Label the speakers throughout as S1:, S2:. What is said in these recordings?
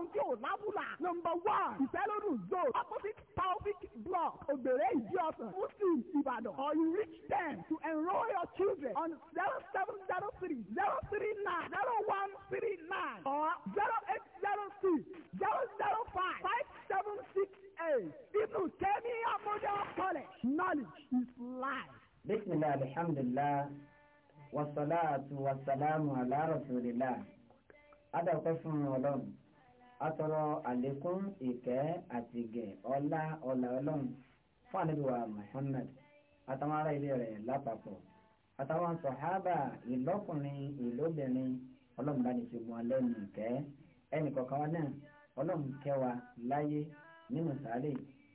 S1: ọlọ́run tí ò lábùlà. nọmba one ìfẹ́lódùn zone opposite pelvic block ògbèrè ìdí ọ̀sán muslim ìbàdàn or you reach them to enrol your children on zero seven zero three zero three nine zero one three nine or zero eight zero six zero zero five five seven six eight ibnu kemi abuja college knowledge is life. bisimilahi alhamdulilah wasalaatu wasalaamu ala rasulillah adàpẹ́ atọrọ àlékún ìkẹ́ àtìgẹ̀ ọlá ọlà ọlọ́run fún àlejò Muhammad àtàwọn ará ilé rẹ̀ lápapọ̀ àtàwọn sọ̀hábà ìlọ́kùnrin ìlóbìnrin ọlọ́run bá ní ṣùgbọ́n lẹ́nu ìkẹ́ ẹnì kọ̀ọ̀kan wa náà ọlọ́run kẹ́ wa láyé nínú sáré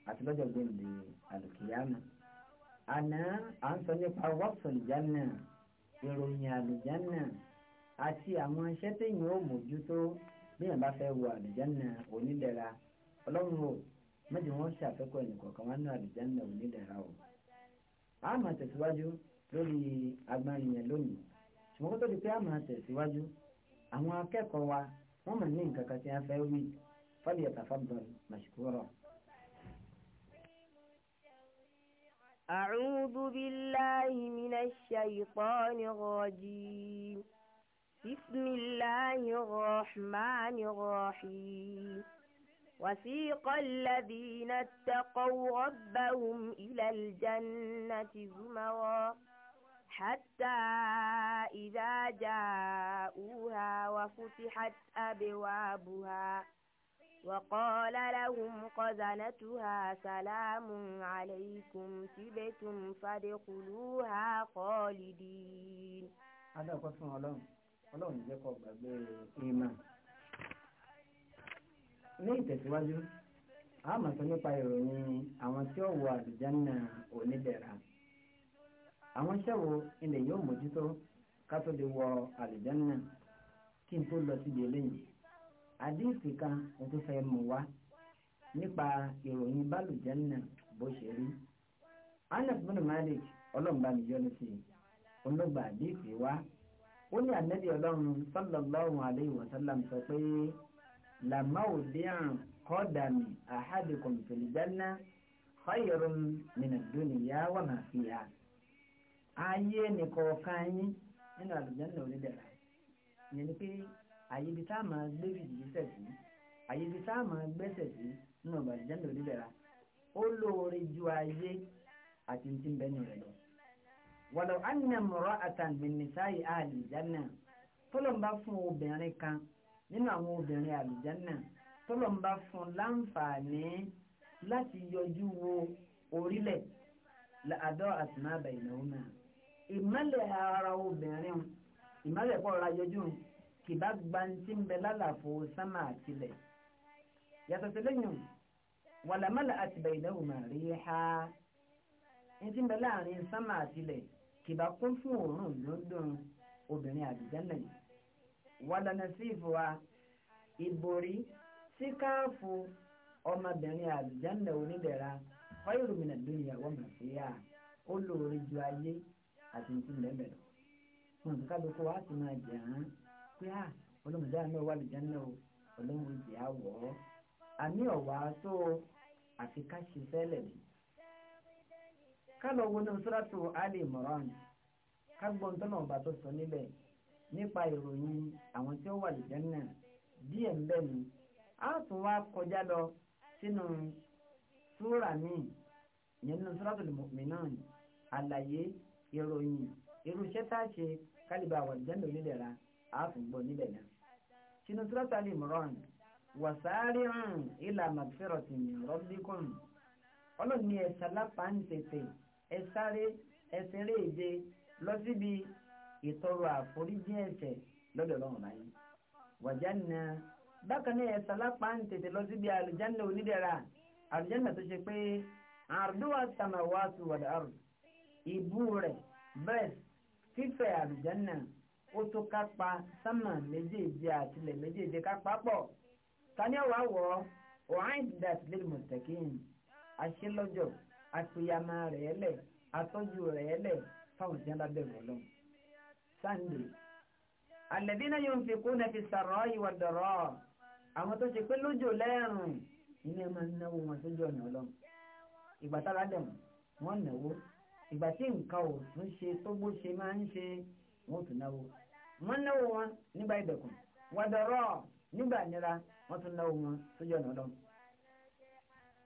S1: àti lọ́jọ́ gbòǹde àlùkìyàmù. àná à ń sọ nípa wọ́pùsùn ìjánà ìròyìn àlùjánà àti àwọn iṣẹ́ ó mójútó bí yàn bá fẹ́ wọ àlùjánnà onídẹ̀ra ọlọ́run o méjì wọn ṣàfẹ́kọ̀ọ́ ẹnìkọ̀ọ̀kan wọn ní àlùjánnà onídẹ̀ra o. a máa tẹ̀síwájú lórí agbárin yẹn lónìí ṣùgbọ́n kó tó di pé a máa tẹ̀síwájú àwọn akẹ́kọ̀ọ́ wa wọ́n mọ̀ ní nǹkan kan tí a fẹ́ wí falyatafaddal mashkura. أعوذ بالله من الشيطان الرجيم بسم الله الرحمن الرحيم وسيق الذين اتقوا ربهم إلى الجنة زمرا حتى إذا جاءوها وفتحت أبوابها وقال لهم قزنتها سلام عليكم تبتم فادخلوها خالدين هذا قسم الله ọlọ́run jẹ́ kó gbàgbé ìmọ̀ ní ìtẹ̀síwájú a máa sọ nípa ìròyìn àwọn tí ó wọ àlùjánnà onídẹ̀ra àwọn ṣẹ́wó ilẹ̀ yóò mójútó ká tó lè wọ àlùjánnà kí n tó lọ síbi eléyìí àdéhìsì kan mo tún fẹ́ mú wá nípa ìròyìn bálùjánnà bó ṣe rí Anas bin Malik ọlọ́mbàmíyọ́nù sí i olóògbà wá ó ní ànábì ọlọ́run sallallahu alayhi wa sallam sọ pé làmáwò díàn kọ́dàmì àhádìkùn fìlìjánná khayrun minad dunya wa ma fiha. ayé nìkọ̀ọ̀kan yín nínú àlùjànnà onídẹ̀ra ìyẹn ni pé àyè ibi tá a máa gbé fìdíjísẹ̀ sí àyè ibi tá a máa gbẹ́sẹ̀ sí nínú àlùjànnà onídẹ̀ra ó lóore ju ayé àti ti ń bẹ́nu rẹ̀ lọ wọ̀lọ̀ anamọ̀rọ̀ àtàmìnísáyì àlìjánà tọ́lọ̀mbá fún obìnrin kan nínú àwọn obìnrin àlìjánà tọ́lọ̀mbá fún láǹfààní láti yọjú wo orílẹ̀ àdọ́ àtìmáàbà ìnáwó náà ìmọ̀lẹ̀ ara obìnrin ìmọ̀lẹ̀ pọ̀ ra yọjú kì bá gbanti ń bẹ lálàfo sámà àtìlẹ̀ yàtọ̀ sí lẹ́yìn wàlàmọ́lẹ̀ àtìbẹ̀ ìnáwó máa rí ha ń ti ń bẹ láàrin sámà àtìlẹ̀ kìbá kún fún òórùn dúndùn obìnrin àdìjẹ́lẹ̀ wàdànà sí ìfowá ìborí síkáàfù ọmọbìnrin àdìjẹ́lẹ̀ onídẹ̀ra fáyọ̀rùmìnà dúnyà wọ́n mọ̀ sí yá ó lóore ju ayé àti ní ti lẹ́mẹ̀ lọ. wọn kò kábi kó wá sí máa jẹ hàn pé à ah, olómùdá náà wà lìjánná o olómùdí àwọ̀ àmì ọ̀wà tó àfi ká ṣiṣẹ́ kálọ̀ wo ní sọ́dọ̀tò Ali Imran kágbọ́n tọ́nà ọba tó sọ níbẹ̀ nípa ìròyìn àwọn tí ó wà lìjánná díẹ̀ ń bẹ̀ ni a tún wá kọjá lọ sínú súrà míì ìyẹn nínú Suratul Mu'minun àlàyé ìròyìn irú tá a ṣe kálíbà wà lìjánná onídẹ̀ra a tún gbọ́ níbẹ̀ náà sínú Suratul Ali Imran wasari'u ila magfiratin min rabbikum ọlọ́ni ẹ̀sà lápá ń tètè ẹ sáré ẹsìn réèdè lọ síbi ìtọrọ àforíjì ẹ̀ṣẹ̀ lọ́dọ̀ Ọlọ́run báyìí wàjánà bákan náà ẹsẹ alápá ń tètè lọ síbi àlùjánà onídẹ̀ra àlùjánà tó ṣe pé àrùdúwà sàmàwá sùwàdà àrùn ìbú rẹ̀ bẹ́ẹ̀ fífẹ̀ àlùjánà ó tó kápá sámà méjèèjì àtìlẹ̀ méjèèjì kápá pọ̀ tani ọ̀wá wọ̀ ọ́ ọ̀hán ìdílé àtìlẹ́yìn mọ̀tẹ́kìn àṣelọ́jọ́ àpèyàmà rẹ̀ lẹ̀ àtọ́jú rẹ̀ lẹ̀ fáwọn tí wọ́n bá bẹ̀rù ọlọ́run. Sunday alladhina yunfiquna fi sarra'i wad dharra'i àwọn tó ṣe pé lójò lẹ́rùn ilé máa ń náwó wọn sójú ọ̀nà ọlọ́run ìgbà tára dẹ̀mù wọ́n náwó ìgbà tí nǹkan ò tún ṣe tó bó ṣe máa ń ṣe wọ́n tún náwó wọ́n náwó wọn nígbà ìdẹ̀kùn wad dharra'i nígbà ìnira wọ́n tún náwó wọn sójú ọ̀nà ọlọ́run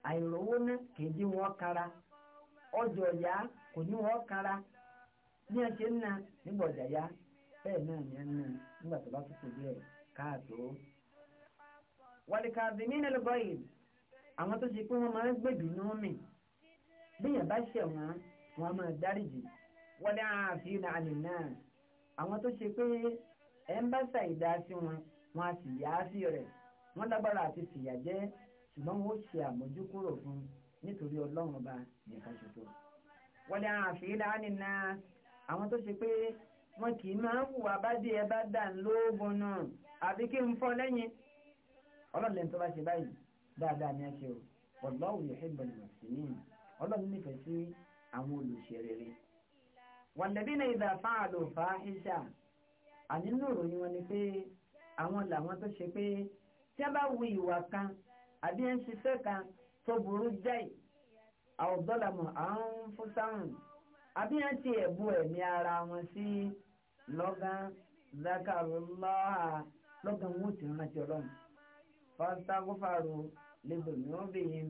S1: àìrówó ná kì í jí wọn kára ọjọ́ ìyá kò ní wọn ní ẹsẹ̀ ń nígbà ọjà yá bẹ́ẹ̀ náà ni ẹ nígbà tó bá kúkú díẹ̀ káàtó. wàlíkà bìmí ní lọ́gọ́ àwọn tó ṣe pé máa ń gbèbí bá máa dáríjì náà àwọn tó ṣe ṣùgbọ́n wọ́n ṣe àmójúkúrò fún nítorí ọlọ́run ọba nìkan ṣoṣo. wọ́n lè hàn àfihàn dání na àwọn tó ṣe pé wọn kì í máa ń hùwà bá dé ẹ bá dà ń lóògùn náà àbí kí n fọ́ lẹ́yìn ọlọ́run tó bá ṣe báyìí dáadáa ni a ṣe o wallahu yuhibbul muhsinin ọlọ́run nífẹ̀ẹ́ sí àwọn olùṣèrèrè walladhina idha fa'alu fahisha àní nínú ìròyìn wọn ni pé àwọn làwọn tó ṣe pé tí a bá wu ìwà kan àbí ń ṣiṣẹ́ kan tó burú jáì àwùjọ́làmù àrùn fúsáhùn àbí ń ti ẹ̀bù ẹ̀mí ara wọn sí lọ́gán zakarulọ́hà lọ́gán wọ́n ti rántí ọlọ́run fọ́sítágófàrò lẹ́gbẹ̀ẹ́ mi wọ́n bẹ̀yẹ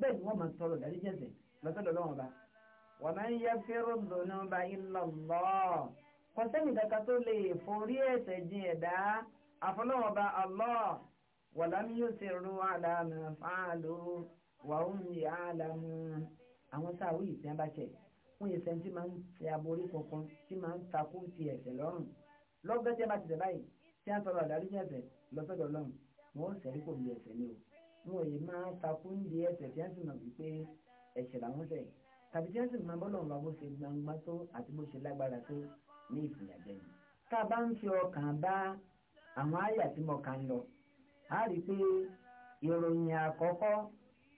S1: bẹ́ẹ̀ ni wọ́n máa tọrọ dárí jẹ́sẹ̀ lọ́sọ̀dọ̀ lọ́wọ́n ọba wọ́n máa ń yẹ fẹ́rù lónà bá kọ́sẹ́nì kankan tó lè forí jin wọ̀lá mi yóò ti rú àlànà fáàlú wàhùn yà á lámú àwọn sáàwì ìsìn abáṣẹ fún ìsẹ̀ tí máa ń ṣe aborí kankan tí máa ń takú ti ẹ̀sẹ̀ lọ́rùn lọ́gbẹ́ tí a bá ti tẹ̀ báyìí tí a sọ̀rọ̀ àdáríjì ẹ̀sẹ̀ lọ́sọ̀dọ̀ lọ́rùn wọn ò sẹ́rí kò ní ẹ̀sẹ̀ ni o wọn ò yẹ máa takú ń di ẹ̀sẹ̀ tí a sì mọ̀ wípé ẹ̀sẹ̀ làwọn ṣẹ̀ tàbí tí a sì mọ̀ bọ́lọ̀ ńlá bó ṣe gbangba tó àti a bá ń fi ọkàn a rí pé ìròyìn àkọ́kọ́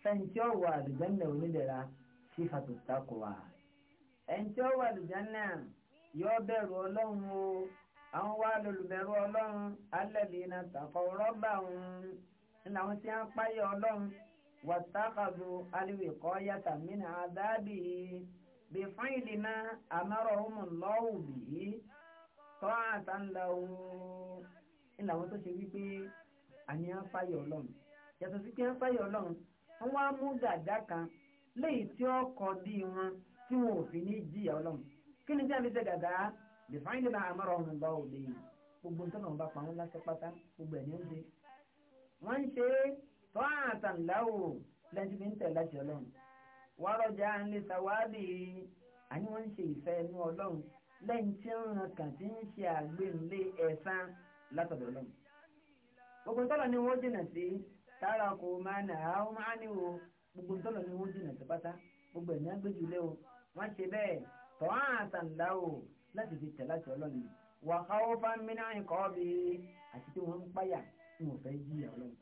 S1: fẹ́ntì ọ̀wọ̀ àlùjánnà onídẹ̀ra sífàtò tákùwà ẹ̀ntì ọ̀wọ̀ àlùjánnà yóò bẹ̀rù ọlọ́run o àwọn wa lòlùbẹ̀rù ọlọ́run alladhina taqaw rabbahum làwọn tí wọ́n páyọ̀ ọlọ́run wàtàkàdù yàtà bí fún àní à ń fáyọ̀ ọlọ́run yàtọ̀ sí pé à ń fáyọ̀ ọlọ́run wọ́n wá mú gàgá kan léyìí tí ó kọ dí wọn tí wọn ò fi ní jìyà ọlọ́run kí ni tí a fi ṣe gàgá lèfàáyìn lè máa àmọ́ra ọ̀hún bá òde yìí gbogbo nítorí wọn bá pa wọn láṣẹ pátá gbogbo ẹ̀ ní ń ṣe wọ́n ń ṣe tọ́ àtànláwò lẹ́yìn tí ń tẹ̀ láti ọlọ́run wọ́n rọjà ń lè sàwádì àní wọ́n ń ṣe ìfẹ́ inú ọlọ́run lẹ́yìn tí ń ràn kàn tí ń ṣe àgbéǹlé ẹ̀sán látọ̀dọ̀ ọlọ́run gbogbo tọ́lọ̀ ni wọ́n jìnà sí tààrà kò máa nà á ó máa ní o gbogbo tọ́lọ̀ ni wọ́n jìnà sí pátá gbogbo ẹ̀mí agbẹ́jù lé o wọ́n ṣe bẹ́ẹ̀ tọ́ àtàǹdá o láti fi tẹ̀ láti ọlọ́run wà á ó bá ń mìíràn kọ́ bí àti pé wọ́n ń páyà tí wọ́n fẹ́ jí ọlọ́run.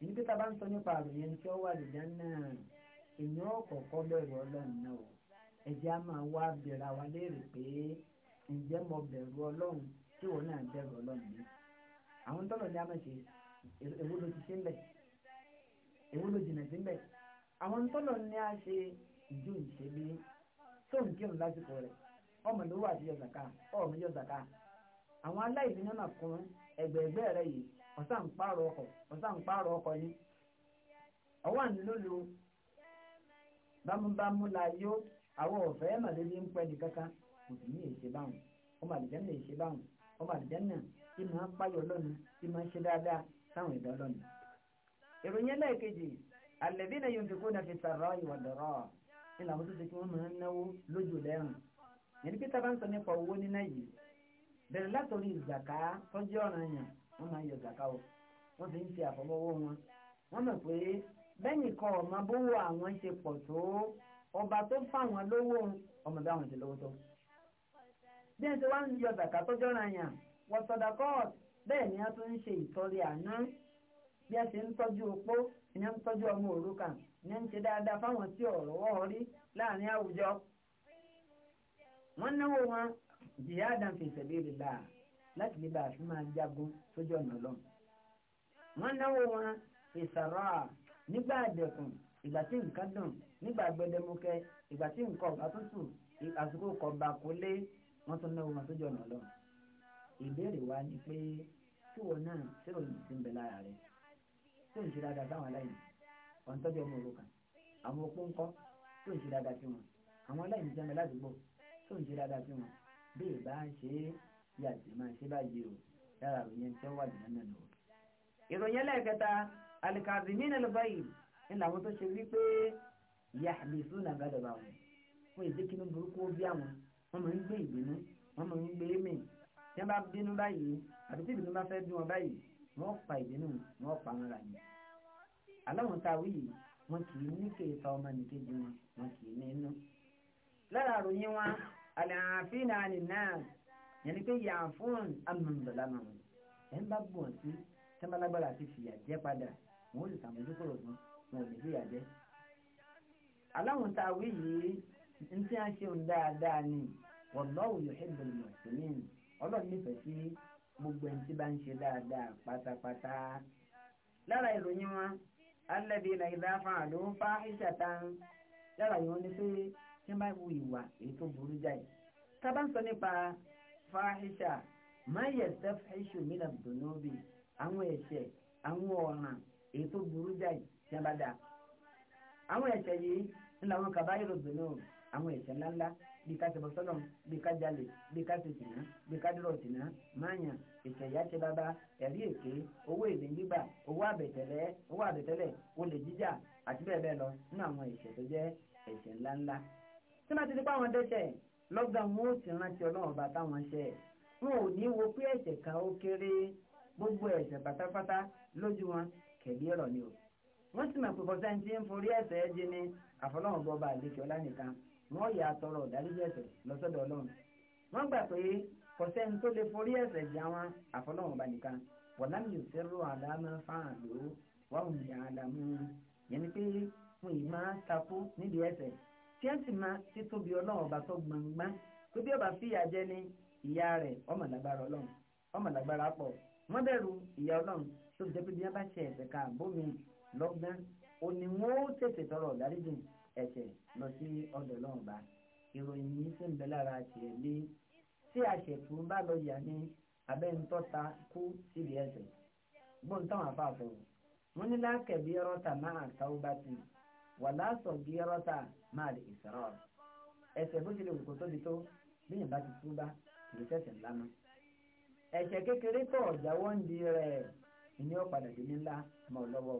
S1: ìní pé tábà ń sọ nípa àròyé ẹni tí ó wà lìjà náà èèyàn ọ̀kọ̀ọ̀kọ́ bẹ̀rù ọlọ́run náà o ẹ̀jẹ̀ á máa wá bẹ̀rẹ̀ àwa léèrè pé ǹjẹ́ mo bẹ̀rù ọlọ́run tí wọ́n náà bẹ̀rù ọlọ́run yìí àwọn tọ́lọ̀ ní àmọ̀ṣe èwo ló ti ṣe ń bẹ̀ èwo ló jìnà sí ń bẹ̀ àwọn tọ́lọ̀ ní a ṣe ìjó ìṣe bí tó ń kírun lásìkò rẹ̀ ọmọ ìlú wà sí yọ̀sàká ọmọ yọ̀sàká àwọn aláìní náà kún ẹgbẹ̀ẹ̀gbẹ́ rẹ̀ yìí ọ̀sán pààrọ̀ ọkọ̀ ọ̀sán pààrọ̀ ọkọ̀ ni ọwọ́ ànílòlò bámúbámú la yó àwọn ọ̀fẹ́ màdébí ń pẹ́ di kankan kò sì ní èṣe tí máa ń páyọ̀ lọ́nà tí máa ń ṣe dáadáa sáwọn ìdá lọ́nà. ìròyìn ẹlẹ́ẹ̀kejì alladhina yunfiquna fi sarra'i wa dharra'i ni làwọn tó ṣe kí wọ́n máa ń náwó lójú lẹ́rùn. ẹni pé tá a bá ń sọ nípa owó níná yìí bẹ̀rẹ̀ látòrí ìzàká tọ́jú ọ̀ràn yẹn wọ́n máa ń yọ ìzàká o wọ́n fi ń ṣe àfọwọ́wọ́ wọn. wọ́n mọ̀ pé bẹ́ẹ̀ni kan ọ̀mọ bówó àwọn ṣe pọ̀ tó ọba tó fáwọn lówó ọmọ bá wọn tó. bí ẹ̀ ṣe wá ń yọ ìzàká tọ́jú ọ̀ràn yẹn wọ́sọ̀dàkọ́ọ̀t bẹ́ẹ̀ ni a tún ń ṣe ìtọ́rẹ àná bí a ṣe ń tọ́jú opó ni a ń tọ́jú ọmọ òrukàn ni a ń ṣe dáadáa fáwọn tí ọ̀rọ̀ wọ́ rí láàrin àwùjọ wọ́n náwó wọn jìyàdàn fi sabilillah láti lè bá a fi máa jagun sójú ọ̀nà ọlọ́run wọ́n náwó wọn ìsàrà nígbà àdẹ̀kùn ìgbà tí nǹkan dùn nígbà gbẹdẹmukẹ ìgbà tí nǹkan ọ̀bà tútù àsìkò kọ̀ọ̀bà kò lé wọ́n tún náwó wọn sójú ọ̀nà ọlọ́run ìbéèrè wa ni pé tí wọn náà ṣé òyìn ti ń bẹ lára rẹ tó ń ṣe dáadáa sáwọn aláìní ọ̀n tọ́jú ọmọ òrukàn àwọn opó ń kọ́ tó ń ṣe dáadáa sí wọn àwọn aláìní jẹun ládùúgbò tó ń ṣe dáadáa sí wọn bí ìbá ṣe é yà sí máa ṣe báyìí o lára ìròyìn tí wọ́n wà nínú náà lò. ìròyìn ẹlẹ́ẹ̀kẹta alikazimin albayi ni làwọn tó ṣe wípé yahbisu nàgàdàbà wọn fún ìdíkínú burúkú bí àwọn wọn máa ń gbé ìbínú wọn máa ń gbé mìíràn tí wọ́n bá bínú báyìí àti tí ìbínú bá fẹ́ bí wọn báyìí wọ́n pa ìbínú wọ́n pa wọn rà ní. aláwọn táwí yìí wọn kì í ní kéèta ọmọ nìkejì wọn wọn kì í ní inú. lára àròyìn wọn àlàáfíà náà nì náà yẹn ni pé yàá fún amúndọ̀lá màmú ẹ̀ ń bá bù wọn sí tẹ́mbálágbára ti fìyà jẹ́ padà wọn ò lè sàmójú fún wọn ò lè fìyà jẹ́. aláwọn táwí yìí ń tí a ṣe dáadáa ni wọ́n lọ́wọ́ yóò ọlọ́run nífẹ̀ẹ́ sí gbogbo ẹni tí bá ń ṣe dáadáa pátápátá. lára ìròyìn wọn alẹ́bí ilẹ̀ ìdáfà ló ń fa ìṣàtà lára ìwọ́n ni pé tí wọ́n bá wu ìwà èyí tó burú jáì. tábà ń sọ nípa fáhíṣà máa yẹ sẹ́f ẹ̀ṣù mí nà dùnúbì àwọn ẹ̀ṣẹ̀ àwọn ọ̀ràn èyí tó burú jáì tí wọ́n bá dà. àwọn ẹ̀ṣẹ̀ yìí ń làwọn kàbáyé rò àwọn ẹ̀ṣẹ̀ ńláńlá bí ká ṣẹbọ sọ́lọ̀ bí ká jalè bí ká ṣe tìǹà bí ká dúró tìǹà máàyàn ètò ìyá ṣe bàbá ẹ̀rí èké owó èlé gbígbà owó àbẹ̀tẹ̀lẹ̀ owó àbẹ̀tẹ̀lẹ̀ olè jíjà àti bẹ́ẹ̀ bẹ́ẹ̀ lọ nínú àwọn ẹ̀ṣẹ̀ tó jẹ́ ẹ̀ṣẹ̀ ńláńlá. tí wọ́n ti di pé àwọn dẹ́ṣẹ̀ lọ́gà wọn ó sì rántí ọlọ́run bá táwọn ṣẹ̀ wọn ò ní wo pé ẹ̀ṣẹ̀ kan ó kéré gbogbo ẹ̀ṣẹ̀ pátápátá lójú wọn kẹ̀lí ẹ̀rọ ni o wọ́n sì mọ̀ pé bọ́sẹ̀ ń ti ń forí ẹ̀ṣẹ̀ jẹ́ ni àfọlọ́run bọ́ bá àlékè ọlá nìkan wọ́n yà àtọrọ ìdáríjì ẹ̀ṣẹ̀ lọ́sọ̀dọ̀ ọlọ́run wọ́n gbà pé kò sẹ́ni tó lè forí ẹ̀ṣẹ̀ jì àwọn àfọlọ́wọn bá nìkan wọ́n lámì ìṣẹ́rù àdámọ́ fáàn ló wà wọ́n yà àdámọ́ yẹn ni pé wọn ì máa takú nídìí ẹ̀ṣẹ̀ tí wọ́n sì máa títóbi ọlọ́run ọba tó gbangba pé bí ọba fìyà jẹ ní ìyá rẹ̀ ọmọ lágbára ọlọ́run ọmọ lágbára pọ̀ wọ́n bẹ̀rù ìyá ọlọ́run tó jẹ́ pé bí wọ́n bá ṣe ẹ̀ṣẹ̀ kan àbómi lọ́gbọ́n òní wọn ó tètè tọrọ ìdáríjì ẹ̀ṣẹ̀ lọ sí ọ̀dọ̀ lọ́wọ́ bá ìròyìn yìí sì ń bẹ lára tiẹ̀ ní tí àṣẹ̀kù bá lọ yà ní abẹ́ ńtọ́ta kú síbi ẹ̀ṣẹ̀ gbọ́n táwọn afáàfọ̀ wọn ní lákẹ̀bí ọ̀rọ̀ta máa tàwọ́ bá ti wà lásọ̀ bí ọ̀rọ̀ta máa lè ìsọ̀rọ̀ ẹ̀ṣẹ̀ bó ti lè wùkọ́ tóbi tó bí yẹn bá ti tú bá kì í ṣẹ̀ṣẹ̀ ńlá kékeré tó ọ̀jáwọ́ ń di rẹ̀ ìní ọ̀padà dé ní ńlá mọ́ lọ́wọ́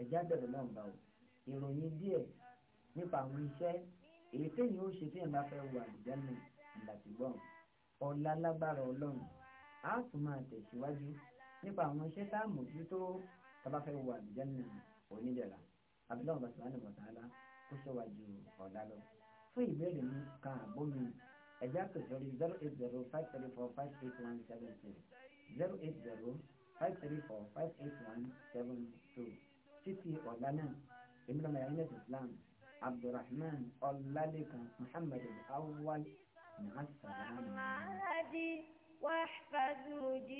S1: ẹ̀já bẹ̀rẹ̀ náà ìròyìn díẹ̀ nípa àwọn iṣẹ́ èyí téèyàn ó ṣe téèyàn bá fẹ́ wọ àlùjánnà ìlàtìgbọ́n ọ̀la lágbára ọlọ́run á tún máa tẹ̀síwájú nípa àwọn iṣẹ́ tá a mójútó tá a bá fẹ́ wọ àlùjánnà onídẹ̀ra abdullahi ọbaṣẹ́ wàhálà wàhálà kó ṣọ́wájú ọ̀la lọ. fún ìbéèrè mi kan àbó mi ẹ̀já pè sórí zero eight zero five three four five eight one seven two zero eight zero five three four five eight one seven two títí ọ̀la náà èmi lọ́mọ ẹ̀yà ilẹ̀ islam عبد الرحمن أولالك محمد الأول مع السلامة